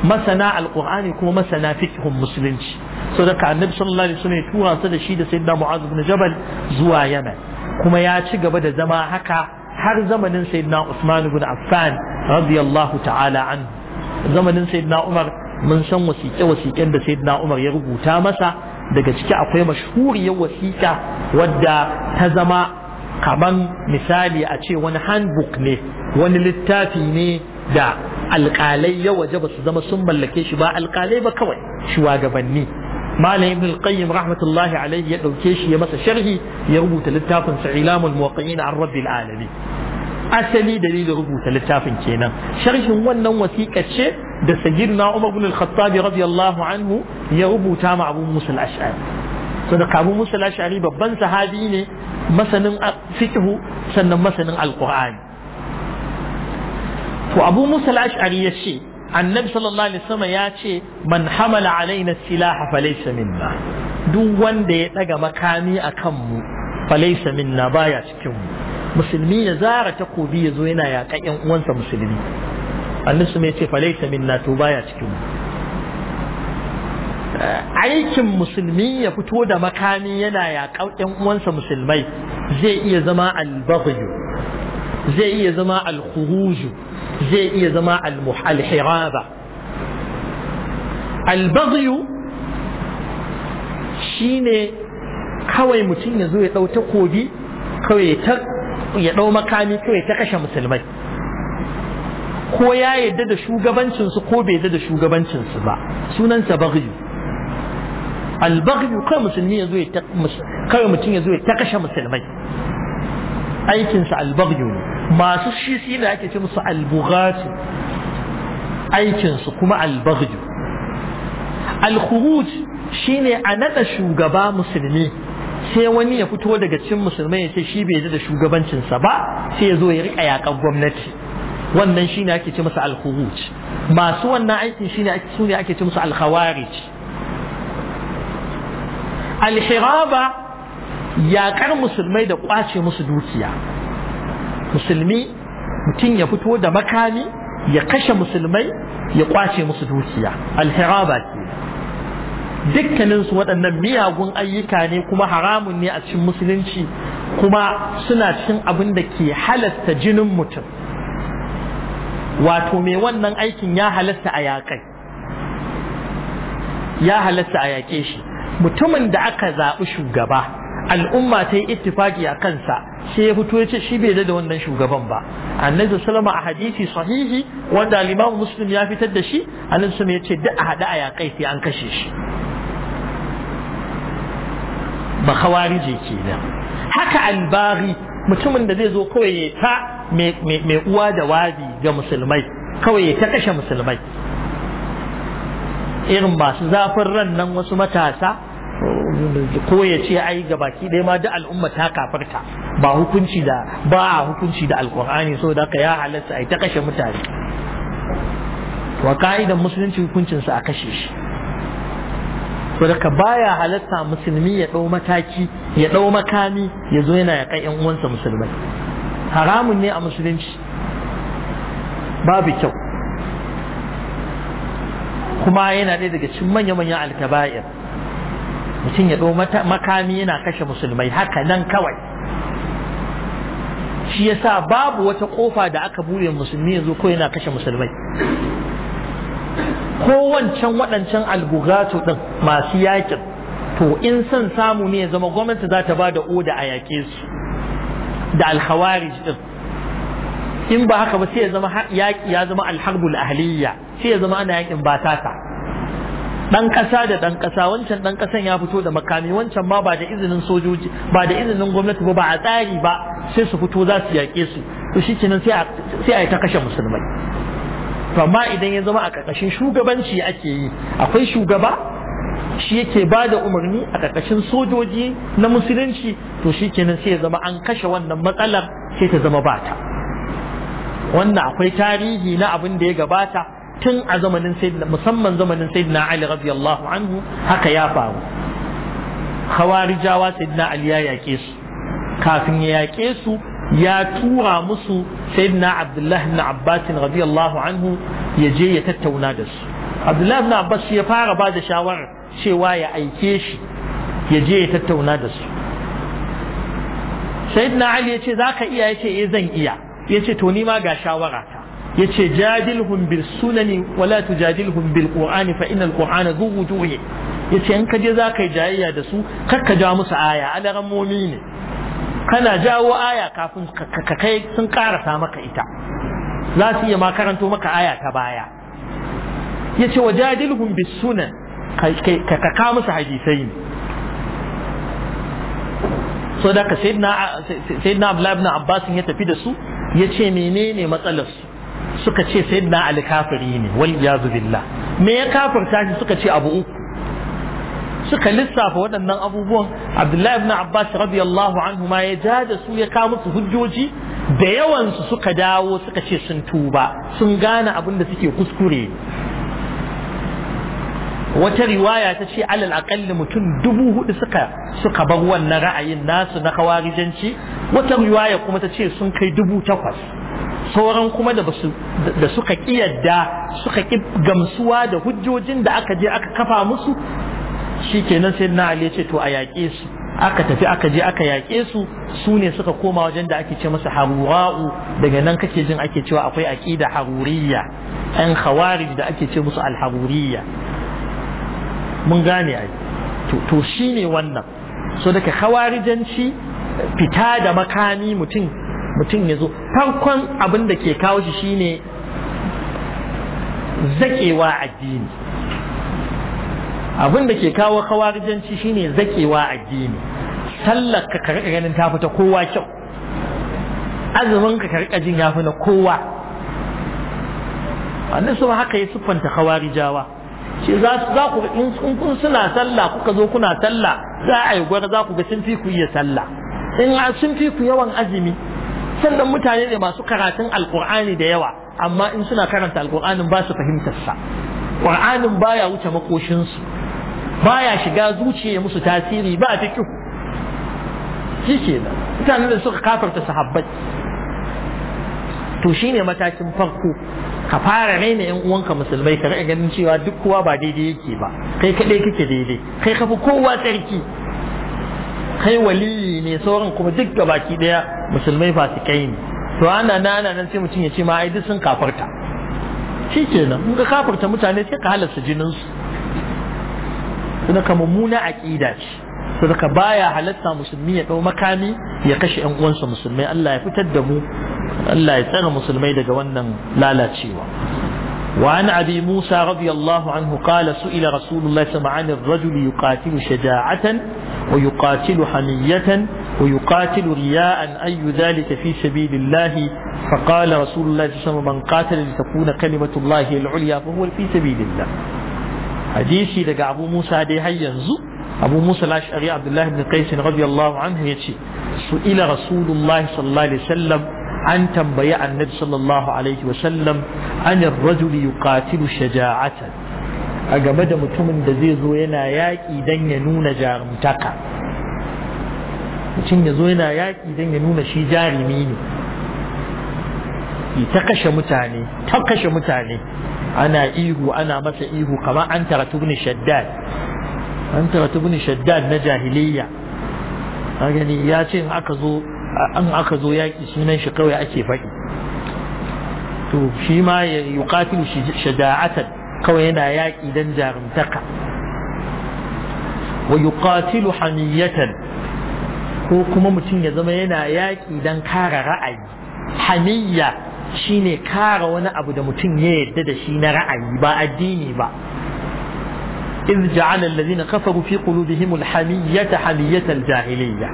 A: masana Alƙur'ani kuma masana fikihun musulunci so da annabi sallallahu alaihi wasallam ya tura su da shi da sayyidina mu'adh ibn jabal zuwa yaman kuma ya ci gaba da zama haka har zamanin sayyidina Usman ibn Affan radiyallahu ta'ala an zamanin sayyidina Umar mun san wasiƙe wasiƙen da sayyidina Umar ya rubuta masa daga ciki akwai mashhuriyar wasiƙa wadda ta zama kaman misali a ce wani handbook ne wani littafi ne da alƙalai ya waje ba su zama sun mallake shi ba alƙalai ba kawai gabanni. malam ibn al-qayyim rahmatullahi alayhi ya dauke shi ya masa sharhi ya rubuta littafin sa ilamul muwaqqi'in an rabbil alamin asali dalilin rubuta littafin kenan sharhin wannan wasiƙa ce da sayyidina umar ibn al-khattab radiyallahu anhu ya rubuta ma abu musa al-ash'ari saboda abu musa al-ash'ari babban sahabi ne masanin sannan masanin alqur'ani to abu musa al-ash'ari ya ce annabi sallallahu alaihi wasallam ya ce man hamala alaina silaha falaysa minna duk wanda ya daga makami akan mu falaysa minna baya cikin mu musulmi ya zara takobi ya zo yana yaƙa ƴan uwansa musulmi annabi mai ce falaysa minna to baya cikin mu aikin musulmi ya fito da makami yana yaƙa ƴan uwansa musulmai zai iya zama al zai iya zama al-khuruju zai iya zama al-hiraba al-baghy shine kawai mutum ya zo ya dau takobi kawai ya dau makami kawai ta kashe musulmai ko ya yadda da shugabancinsu ko bai yadda da shugabancinsu ba sunansa baghy albaghi kai musulmi mutum ya zo ya musulmai aikinsa albaghi ne masu shi shi ne ake ce musu albughatu aikinsu kuma albaghju alkhuruj shi a nada shugaba musulmi sai wani ya fito daga cikin musulmai ya ce shi bai ji da shugabancinsa ba sai ya zo ya rika yaƙar gwamnati wannan ne ake ce masa alkhuruj masu wannan aikin shine ake ake ce musu alkhawarij alhiraba yaƙar musulmai da ƙwace musu dukiya musulmi mutum ya fito da makami ya kashe musulmai ya kwace musu dukiya alhiraba ke dukkaninsu waɗannan miyagun ayyuka ne kuma haramun ne a cikin musulunci kuma suna cikin abin da ke halasta jinin mutum wato mai wannan aikin ya halasta a yaƙai ya halasta a yaƙe shi mutumin da aka zaɓi shugaba al'umma ta yi ittifaki a kansa sai ya fito ya ce shi bai da wannan shugaban ba annabi sallama a hadisi sahihi wanda al muslim ya fitar da shi annabi sallama ya ce duk a hada a kai sai an kashe shi ba khawarije kenan haka albari mutumin da zai zo kawai ya ta mai uwa da wadi ga musulmai kawai ya ta kashe musulmai irin masu zafin ran nan wasu matasa ko ya ce ai ga baki ɗaya ma da al'umma ta kafarta ba hukunci da ba hukunci da alkur'ani so da ya halatta ai ta kashe mutane wa ka'idan musulunci hukuncinsa a kashe shi so da baya halatta musulmi ya ɗau mataki ya ɗau makami ya zo yana ya kai uwansa musulmai haramun ne a musulunci babu kyau kuma yana ɗaya daga cikin manya-manyan alkaba'ir mutum ya ɗau makami yana kashe musulmai haka nan kawai shi yasa babu wata ƙofa da aka buɗe musulmi yanzu ko yana kashe musulmai ko wancan waɗancan algugatu ɗin masu yakin to in son samu ne ya zama gwamnati za ta ba da oda a yaƙe su da alhawarij ɗin in ba haka ba sai ya zama yaƙi ya zama alharbul ahliya sai ya zama ana yaƙin batata dan kasa da dan kasa wancan dan kasan ya fito da makami wancan ma ba da izinin sojoji ba da izinin gwamnati ba ba a tsari ba sai su fito za su yaƙe su to shi kenan sai a yi ta kashe musulmai to amma idan ya zama a ƙarƙashin shugabanci ake yi akwai shugaba shi yake ba da umarni a ƙarƙashin sojoji na musulunci to shi sai ya zama an kashe wannan matsalar sai ta zama bata wannan akwai tarihi na abin da ya gabata tun a zamanin sayyidina musamman zamanin sayyidina Ali radiyallahu anhu haka ya faru khawarijawa sayyidina Ali ya yake su kafin ya yake su ya tura musu sayyidina Abdullah ibn Abbas radiyallahu anhu ya je ya tattauna da su Abdullah ibn Abbas ya fara ba da shawara cewa ya aike shi ya je ya tattauna da su sayyidina Ali ya ce zaka iya ya ce eh zan iya ya to ni ma ga shawara ta yace jadilhum bil sunani wala tujadilhum bil qur'ani fa innal qur'ana dhu wujuhi yace in ka je za kai jayayya da su kar ka ja musu aya alaramomi ne kana jawo aya kafin ka kai sun karasa maka ita za su iya ma karanto maka aya ta baya yace wajadilhum bis sunan ka ka ka musu hadisai ne so da ka sayyidina sayyidina abdullahi ibn abbas ya tafi da su yace menene matsalar su suka ce sayyidina ali kafiri ne wal iyazu billah me ya kafirta shi suka ce abu uku suka lissafa waɗannan abubuwan abdullahi ibn abbas radiyallahu anhu ma ya ja da su ya kawo musu hujjoji da yawansu suka dawo suka ce sun tuba sun gane abin da suke kuskure wata riwaya ta ce alal aƙalli mutum dubu hudu suka suka bar wannan ra'ayin nasu na kawarijanci wata riwaya kuma ta ce sun kai dubu takwas sauran kuma da da suka kiyarda suka ki gamsuwa da hujjojin da aka je aka kafa musu shikenan sai na ali ce to a yaƙe su aka tafi aka je aka yaƙe su su ne suka koma wajen da ake ce musu harura'u daga nan kake jin ake cewa akwai aƙida haruriyya ɗan khawarij da ake ce musu alharuriyya mun gane ai to shine wannan so daga khawarijanci fita da makami mutum mutum ya zo farkon abin da ke kawo shi shine zakewa addini abin da ke kawo khawarijanci shine zakewa addini sallar ka karɓa ganin ta fita kowa kyau azumin ka karɓa jin ya fi na kowa annabi haka ya siffanta khawarijawa shi za ku in kun suna sallah kuka zo kuna sallah za a yi gwar za ku ga sun fi ku iya sallah in sun fi ku yawan azumi sannan mutane ne masu karatun alkur'ani da yawa amma in suna karanta alkur'anin ba su fahimtar sa qur'anin baya wuce makoshin su baya shiga zuciya musu tasiri ba fikihu shi kenan mutanen da suka kafarta sahabbai to shi ne matakin farko ka fara raina yan uwanka musulmai ka rika ganin cewa duk kowa ba daidai yake ba kai kaɗai kake daidai kai kafi kowa tsarki kai waliyi ne sauran kuma duk baki daya musulmai kai ne to ana nana nan sai mutum ya ce ma ai duk sun kafarta shi nan in ka kafarta mutane sai ka halarta jininsu su ka mummuna aƙida ce saboda baya halatta musulmi ya dau makami ya kashe yan uwansa musulmai Allah ya fitar da mu Allah ya tsare musulmai daga wannan lalacewa وعن أبي موسى رضي الله عنه قال سئل رسول الله صلى الله عليه وسلم عن الرجل يقاتل شجاعة ويقاتل حمية ويقاتل رياء أي ذلك في سبيل الله فقال رسول الله صلى الله عليه وسلم من قاتل لتكون كلمة الله العليا فهو في سبيل الله hadisi daga abu musa dai har yanzu abu musa lashari abdullahi ibn qais radiyallahu anhu yace su ila rasulullahi sallallahu alaihi wasallam an tambayi annabi sallallahu alaihi wasallam an ar-rajuli yuqatilu shaja'atan a game da mutumin da zai zo yana yaƙi dan ya nuna jarumtaka mutum ya zo yana yaƙi dan ya nuna shi jarumi ne ta kashe mutane ta kashe mutane ana ihu ana masa ihu kamar an tara tubni shaddad an tara tubni shaddad na jahiliya a gani ya ce aka zo an aka zo yaƙi sunan shi kawai ake faɗi to shi ma ya yi yuqatilu shaja'atan kawai yana yaƙi don jarumtaka wa yuqatilu hamiyatan ko kuma mutum ya zama yana yaƙi don kare ra'ayi hamiyya shine kara wani abu da mutum ya yadda da shi na ra'ayi ba addini ba إذ جعل الذين كفروا في قلوبهم الحمية حمية الجاهلية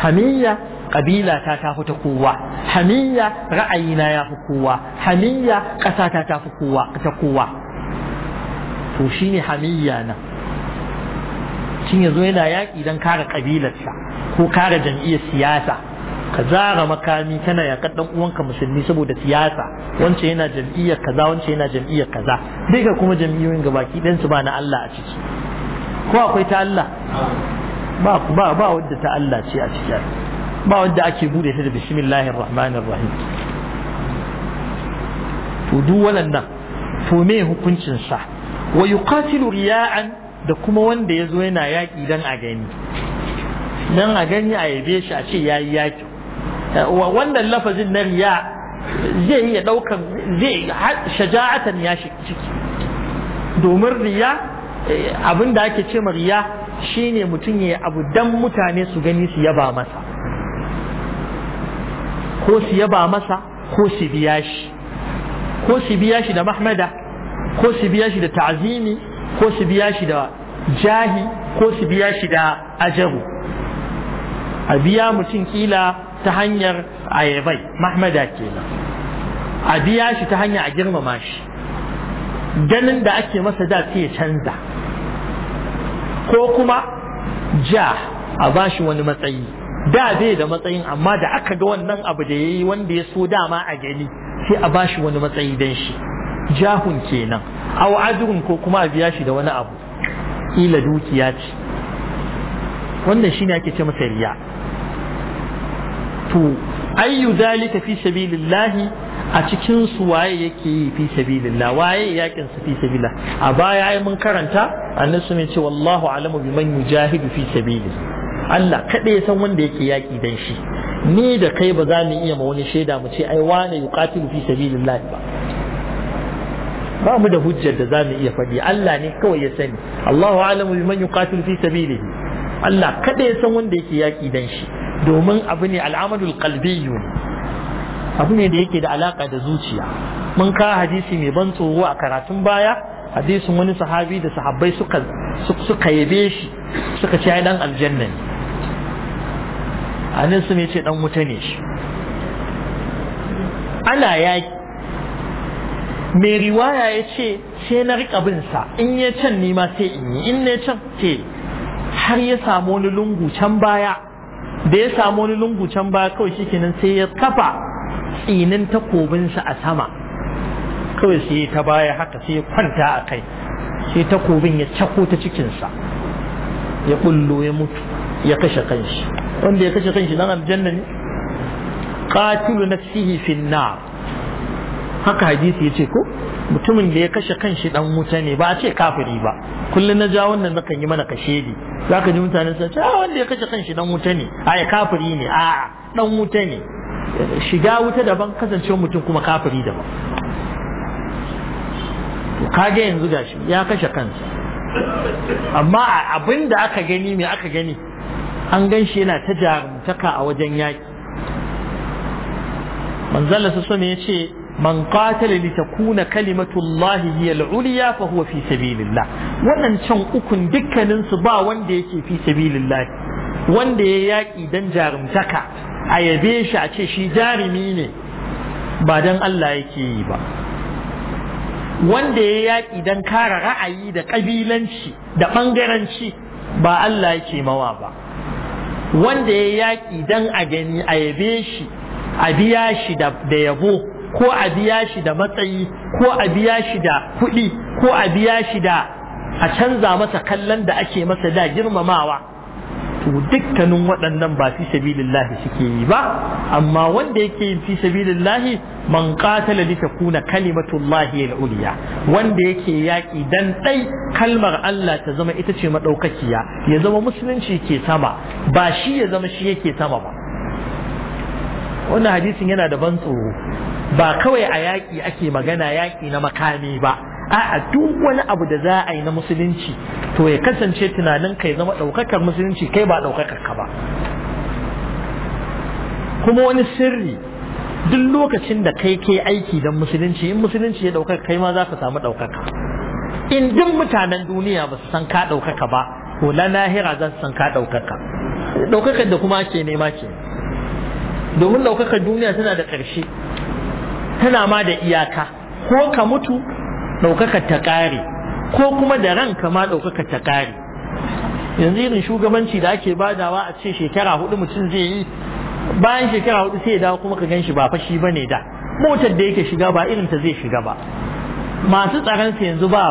A: حمية قبيلة تاتاف تقوى حمية رأينا يا قوة حمية قسا تاتاف تقوى توشيني حمية أنا شين يزوينا ياك إذا كار قبيلة شا. هو كار جمعية سياسة ka zara makami kana yakar dan uwanka musulmi saboda siyasa wance yana jam'iyyar kaza wance yana jam'iyyar kaza ka kuma jam'iyyoyin gabaki ɗayan su ba na Allah a ciki ko akwai ta Allah ba ba ba wanda ta Allah ce a ciki ba wanda ake bude ta da bismillahir rahmanir rahim to duk wannan to me hukuncin sa wa yuqatilu riya'an da kuma wanda yazo yana yaki dan a gani dan a gani a yabe shi a ce yayi yaki wannan lafazin na riya zai iya daukan zai shaja'atan ya ciki domin riya eh, abin da ake ce riya shine mutum ya abu dan mutane su gani su yaba masa ko su yaba masa ko su biya shi ko su biya shi da mahmada ko su biya shi da ta'zimi ko su biya shi da jahi ko su biya shi da ajabu a biya mutum kila ta hanyar ayabai mahmada kenan a biya shi ta hanyar a girmama shi ganin da ake masa da ya canza ko kuma ja a bashi wani matsayi da bai da matsayin amma da aka ga wannan abu da ya yi wanda ya so dama a gani sai a bashi wani matsayi dan shi jahun kenan A ajrun ko kuma a biya shi da wani abu ila dukiya ce wannan ne ake ce masa riya to ayyu zalika fi sabilillahi a cikin su waye yake yi fi sabilillah waye yakin su fi sabilillah a baya ai mun karanta annabi ne ce wallahu alamu biman yujahidu fi sabili Allah kada ya san wanda yake yaki dan shi ni da kai ba za mu iya ma wani shaida mu ce ai wane yuqatilu fi sabilillah ba ba mu da hujjar da za mu iya faɗi Allah ne kawai ya sani Allahu alamu biman yuqatilu fi sabilihi Allah kada ya san wanda yake yaki dan shi domin abu ne al'amadul qalbiyyu abu ne da yake da alaka da zuciya mun ka hadisi mai ban tsoro a karatun baya hadisin wani sahabi da sahabbai suka suka yabe shi suka ce ai dan aljanna ne anan su ne ce dan wuta ne shi ana yaki mai riwaya ya ce sai na riƙa bin sa in ya can nima sai in yi in ne can ce har ya samu wani lungu can baya da ya samu wani lungu can ba kawai kenan sai ya kafa tsinin takobinsa a sama kawai sai ta baya haka sai ya kwanta a kai sai takobin ya cako ta cikinsa ya bullo ya mutu ya kashe kanshi wanda ya kashe kanshi dan aljanna ne qatilu na fi nar haka hadisi yace ko mutumin da ya kashe kanshi dan wuta ne ba a ce kafiri ba kullum na ja wannan na kan yi mana kashedi zaka ji mutane sun ce ah, wanda ya kashe kanshi dan wuta ne a ya kafiri ne a dan wuta ne shiga wuta daban kasance mutum kuma kafiri daban to kage yanzu gashi ya kashe kansa amma abin da aka gani me aka gani an gan shi yana ta jarumtaka a wajen yaki manzalla su ya ce man qatala li takuna kalimatullahi hiya al-ulya fa huwa fi sabilillah wannan can ukun dukkanin su ba wanda yake fi sabilillah wanda ya yaki dan jarumtaka a yabe shi a ce shi jarumi ne ba dan Allah yake yi ba wanda ya yaki dan kare ra'ayi da kabilanci da bangaranci ba Allah yake mawa ba wanda ya yaki dan a gani a yabe shi a biya shi da yabo ko a biya shi da matsayi ko a biya shi da kuɗi ko a biya shi da a canza masa kallon da ake masa da girmamawa to dukkanin waɗannan ba fi sabilillahi suke yi ba amma wanda yake yin fi sabilillahi man qatala li takuna kalimatullahi al-ulya wanda yake yaki dan dai kalmar Allah ta zama ita ce madaukakiya ya zama musulunci ke sama ba shi ya zama shi yake sama ba wannan hadisin yana da ban tsoro ba kawai a yaƙi ake magana yaƙi na makami ba a'a duk wani abu da za a yi na musulunci to ya kasance tunanin kai zama ɗaukakar musulunci kai ba ɗaukakar ka ba kuma wani sirri duk lokacin da kai ke aiki don musulunci in musulunci ya ɗaukaka kai ma za ka samu ɗaukaka in duk mutanen duniya ba su san ka ɗaukaka ba to na lahira za su san ka ɗaukaka ɗaukakar da kuma ake nema ke domin ɗaukakar duniya tana da ƙarshe tana ma da iyaka ko ka mutu ɗaukaka ta ƙare ko kuma da ranka ma ɗaukaka ta ƙare yanzu irin shugabanci da ake badawa a ce shekara hudu mutum zai yi bayan shekara hudu sai ya dawo kuma ka gan shi ba fashi ba ne da motar da yake shiga ba irin ta zai shiga ba masu tsaron sa yanzu ba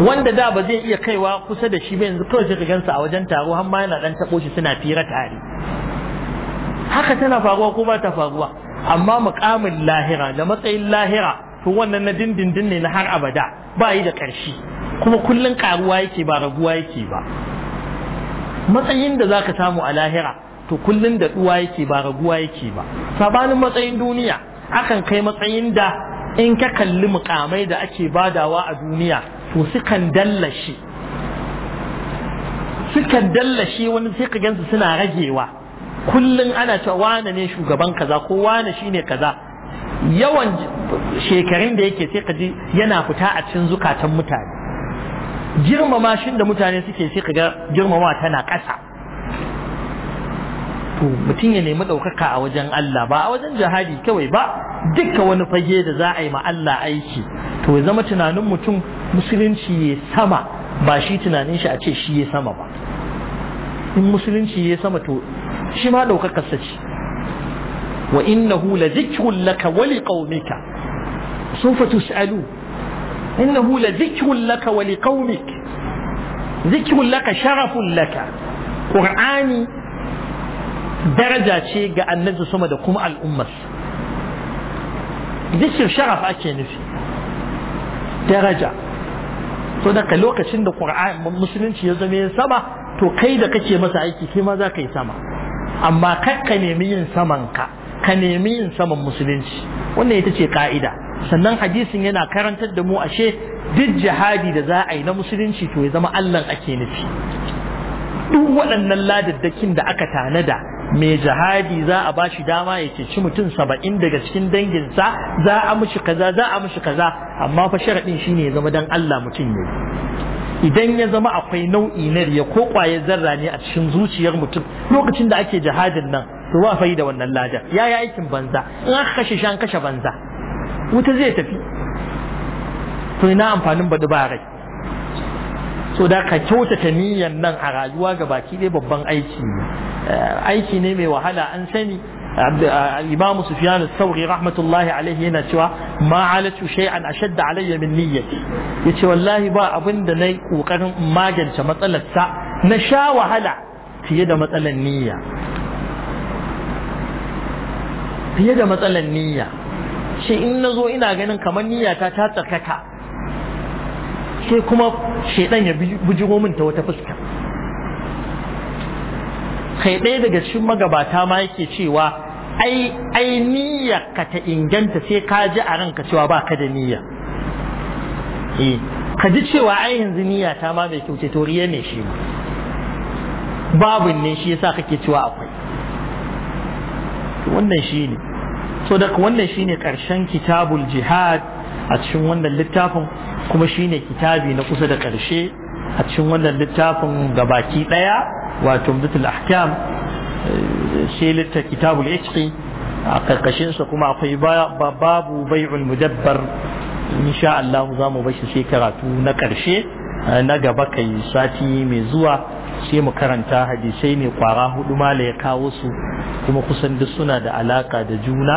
A: wanda da ba zai iya kaiwa kusa da shi ba yanzu kawai sai ka gansa a wajen taro har ma yana dan tabo shi suna fira tare haka tana faruwa ko ba ta faruwa amma muƙamin lahira da matsayin lahira to wannan na dindindin ne na har abada ba yi da karshi kuma kullum karuwa yake ba raguwa yake ba matsayin da zaka samu a lahira to kullun da ɗuwa yake ba raguwa yake ba sabanin matsayin duniya akan kai matsayin da in ka kalli mukamai da ake badawa a duniya to sukan dallashi sukan dallashi wani sai ka gansu suna ragewa kullum ana cewa wane ne shugaban kaza ko wane shine kaza yawan shekarun da yake sai kaji yana fita a cikin zukatan mutane girmama shin da mutane suke sai kaga girmama tana ƙasa to mutum ya nemi ɗaukaka a wajen Allah ba a wajen jihadi kawai ba duka wani fage da za a yi ma Allah aiki to ya zama tunanin mutum musulunci ya sama ba shi tunanin shi a ce shi ya sama ba in musulunci ya sama to shi ma ɗaukakar sa ce wa innahu la zikrun laka wa liqaumika sawfa tusalu innahu la zikrun laka wa liqaumik zikrun laka sharafun laka qur'ani daraja ce ga annabi sama da kuma al'ummar zikir sharaf ake nufi daraja so daga lokacin da Qur'an musulunci ya zama ya sama to kai da kake masa aiki kai ma za ka yi sama amma kar ka nemi yin saman ka ka nemi yin saman musulunci wannan ita ce ka'ida sannan hadisin yana karantar da mu ashe duk jihadi da za a yi na musulunci to ya zama Allah ake nufi duk waɗannan ladaddakin da aka tanada mai jihadi za a ba shi dama ya ceci mutum saba'in daga cikin danginsa za a mushi kaza za a mushi kaza amma fa sharaɗin shine ya zama dan Allah mutum ne idan ya zama akwai nau'i na riya ko kwayar zarra ne a cikin zuciyar mutum lokacin da ake jihadin nan to ba fa'ida da wannan ladan yi aikin banza in aka kashe shan kashe banza wuta zai tafi to ina amfanin baɗi ba rai so da ka kyautata niyyar nan a rayuwa ga baki ɗaya babban aiki ne eh, aiki ne mai wahala an sani imamu sufyan al-sawri rahmatullahi alaihi yana cewa ma alatu shay'an ashadda alayya min niyyati yace wallahi ba abin da nayi kokarin magance matsalar sa na sha wahala fiye da matsalar niyya fiye da matsalar niyya shi in nazo ina ganin kamar niyya ta ta tsarkaka sai kuma shaidan ya bujugo min ta wata fuska kai ɗaya daga cikin magabata ma yake cewa ai ai niyyar ka ta inganta sai ka ji a ranka cewa ba ka da niyya eh ka ji cewa ai yanzu niyya ta ma mai kyau ce to riya ne shi babu ne shi yasa kake cewa akwai wannan shi ne to da wannan shi ne ƙarshen kitabul jihad a cikin wannan littafin kuma shi ne kitabi na kusa da ƙarshe a cikin wannan littafin ga baki ɗaya wato mutatul ahkam sai litta kitabul ishqi a karkashin sa kuma akwai babu bai'ul mudabbar insha Allah za mu bashi sai karatu na karshe na gaba kai sati mai zuwa sai mu karanta hadisai ne kwara hudu mala ya kawo su kuma kusan duk suna da alaka da juna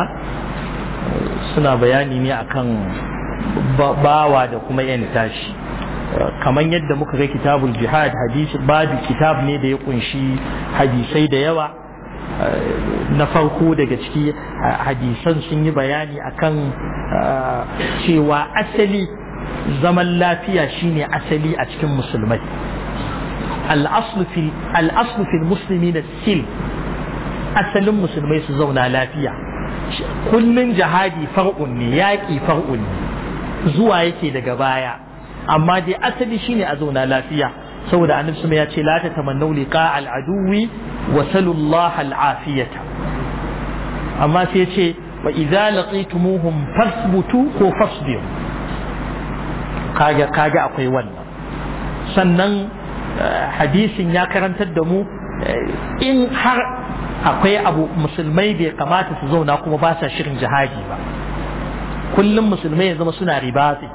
A: suna bayani ne akan bawa da kuma 'yan tashi kamar yadda muka ga kitabul jihad hadisi babu kitab ne da ya kunshi hadisai da yawa na farko daga ciki hadisan sun yi bayani akan eh, cewa asali zaman lafiya shine asali a cikin musulmai al'aslu fil musulmi da sil asalin musulmai su zauna lafiya kullum jihadi far'un ne yaƙi far'un ne zuwa yake daga baya amma dai asali shine a zauna lafiya saboda annabi sama ya ce la ta tamannu liqa al aduwi wa sallallahu al afiyata amma sai ya ce wa idza laqitumuhum fasbutu ko fasbiru kaga kaga akwai wannan sannan eh, hadisin ya karantar da mu eh, in har akwai abu musulmai bai kamata su zauna kuma ba sa shirin jihadi ba kullum musulmai ya zama suna ribasi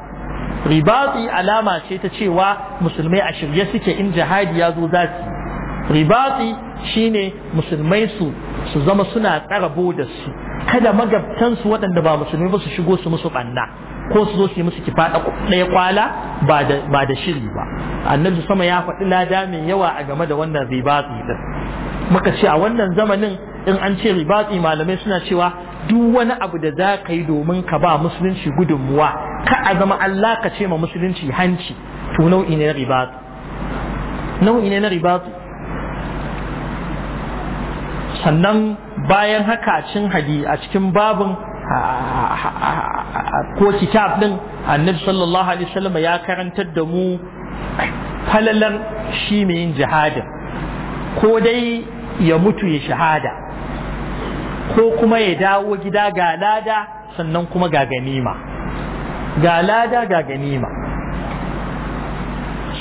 A: ribati alama ce ta cewa musulmai a shirye suke in jihadi ya zo za su ribati shine musulmai su su zama suna tsarabo da su kada magabtansu waɗanda ba musulmai ba su shigo su musu ɓanna ko su zo su yi musu kifaɗa ɗaya kwala ba da shiri ba annabi sama ya faɗi lada mai yawa a game da wannan ribatsi din muka ce a wannan zamanin in an ce ribatsi malamai suna cewa duk wani abu da za ka yi domin ka ba musulunci gudunmuwa ka a zama Allah ka ce ma musulunci hanci to nau'i ne na ribatu nau'i ne na ribatu sannan bayan haka cin hadi a cikin babin ko kitab din annabi sallallahu alaihi wasallam ya karantar da mu falalar shi mai yin jihadin ko dai ya mutu ya shahada ko kuma ya dawo gida ga lada sannan kuma ga ganima ga lada ga ganima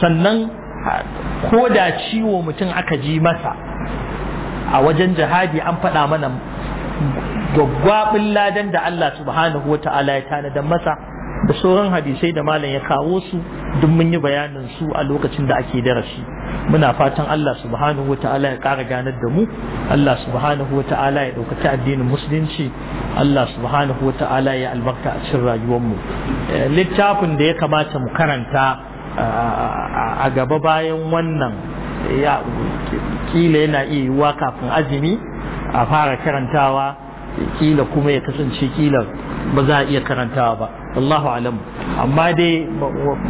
A: sannan ko da ciwo mutum aka ji masa a wajen jihadi an faɗa mana gwaggwabin ladan da Allah subhanahu wa ta'ala ya tanadar masa da sauran hadisai da malam ya kawo su duk mun yi bayanin su a lokacin da ake darasi muna fatan Allah subhanahu wata'ala ya kara ganar da mu Allah subhanahu wata'ala ya ɗaukaci addinin musulunci Allah subhanahu wata'ala ya albarka a cikin rayuwar mu eh, littafin da ya kamata mu karanta a gaba bayan wannan ya kila yana iya yiwuwa kafin azumi a fara karantawa kila kuma ya kasance kila ba za a iya karantawa ba Allahu alam amma dai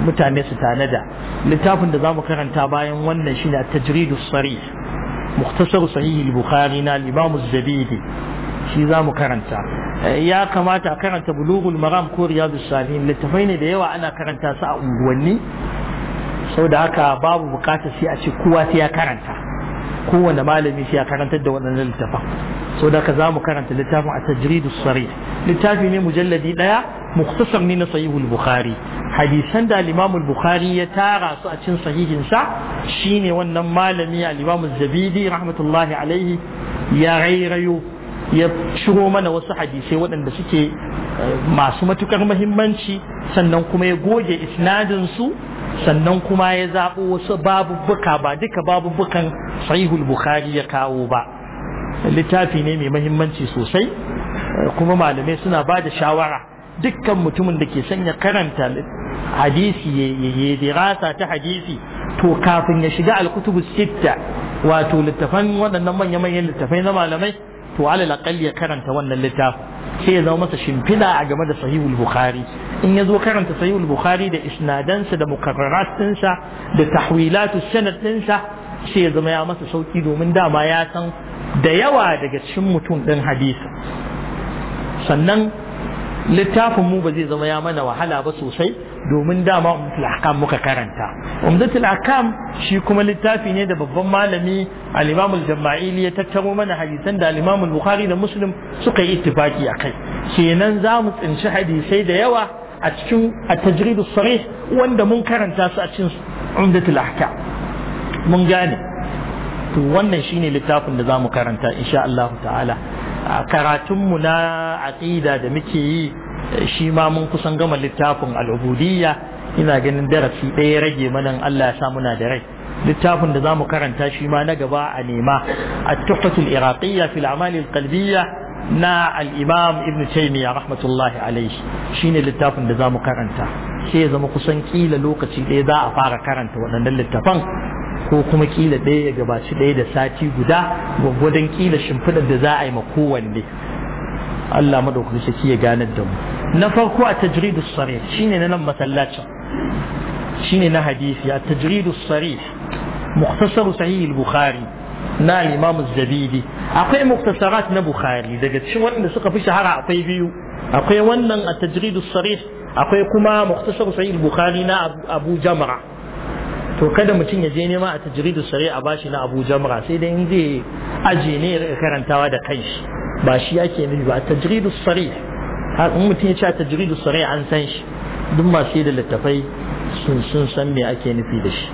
A: mutane su tanada littafin da zamu karanta bayan wannan shine at-tajridus sarih mukhtasar sahih al-bukhari na al-imam az-zabidi shi zamu karanta ya kamata a karanta bulughul maram ko riyadus salihin littafai ne da yawa ana karanta su a unguwanni saboda haka babu bukatar sai a ce kowa sai ya karanta kowane malami shi ya karantar da waɗannan littafan so da ka za mu karanta littafin a tajridu sarih littafi ne mujalladi ɗaya muktasar ne na sahihul bukhari hadisan da limamul bukhari ya tara su a cin sahihin sa shine wannan malami al-imam zabidi rahmatullahi alaihi ya rairayo ya shiro mana wasu hadisai waɗanda suke eh, masu matukar muhimmanci sannan kuma ya goge isnadinsu. sannan kuma ya zaɓo wasu babubuka ba duka babubukan sahihul bukhari ya kawo ba littafi ne mai mahimmanci sosai kuma malamai suna ba da shawara dukkan mutumin da ke sanya karanta hadisi ya dirasa ta hadisi to kafin ya shiga alkutubu sitta wato littafan waɗannan manya-manyan littafai na malamai to alal aqal ya karanta wannan littafin sai ya zama masa shimfida a game da sahihul bukhari in ya zo karanta sahihul bukhari da isnadansa da mukarrarat ɗinsa da tahwilatu sanad ɗinsa sai ya zama ya masa sauki domin dama ya san da yawa daga cikin mutum ɗin hadisi sannan littafin mu ba zai zama ya mana wahala ba sosai domin dama umdatul ahkam muka karanta umdatul ahkam shi kuma littafi ne da babban malami al-imam al-jama'ili ya tattaro mana hadisan da al-imam al-bukhari da muslim suka yi ittifaki akai kenan za mu tsinci hadisai da yawa a cikin at-tajrid sarih wanda mun karanta su a cikin umdatul ahkam mun gane to wannan shine littafin da zamu karanta insha Allah ta'ala karatunmu na aqida da muke yi shi ma mun kusan gama littafin al'ubudiyya ina ganin darasi ɗaya rage mana Allah ya sa muna da rai littafin da zamu karanta shi ma na gaba a nema at-tuhfatul iraqiyya fil amali al-qalbiyya na al-imam ibn taymiyyah rahmatullahi alayhi shine littafin da zamu karanta sai ya zama kusan kila lokaci ɗaya za a fara karanta waɗannan littafan ko kuma kila ɗaya ya gabaci ɗaya da sati guda gwaggwadon kila shimfiɗar da za a yi ma kowanne Allah madaukakin ki ya ganar da mu na farko a tajridu sarih shine na nan masallacin shine na hadisi a tajridu sarih mukhtasar sahih al-bukhari na imam az-zabidi akwai muktasarat na bukhari daga cikin wanda suka fi shahara akwai biyu akwai wannan a tajridu sarih akwai kuma mukhtasar sahih al-bukhari na abu jamra to kada mutum ya je nema a tajridu a bashi na Abu Jamra sai dai in zai aje ne ya karantawa da kanshi ba shi yake nufi ba tajridu sarih in mutum ya ce tajridu sare an san shi duk masu da littafai sun sun san me ake nufi da shi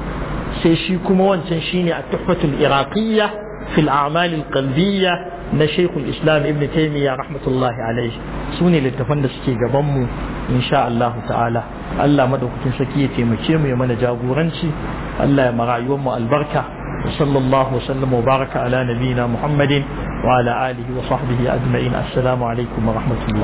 A: sai shi kuma wancan shine at-tuhfatul iraqiyya fil a'mal al na shekul islam ibn taimiyya rahmatullahi alaihi su ne littafan da suke gabanmu insha Allah ta'ala Allah madaukakin saki ya taimake mu ya mana jagoranci Allah ya marayuwar mu albarka sallallahu wasallam wa baraka ala nabiyina muhammadin wa ala alihi wa sahbihi ajma'in assalamu alaikum wa rahmatullahi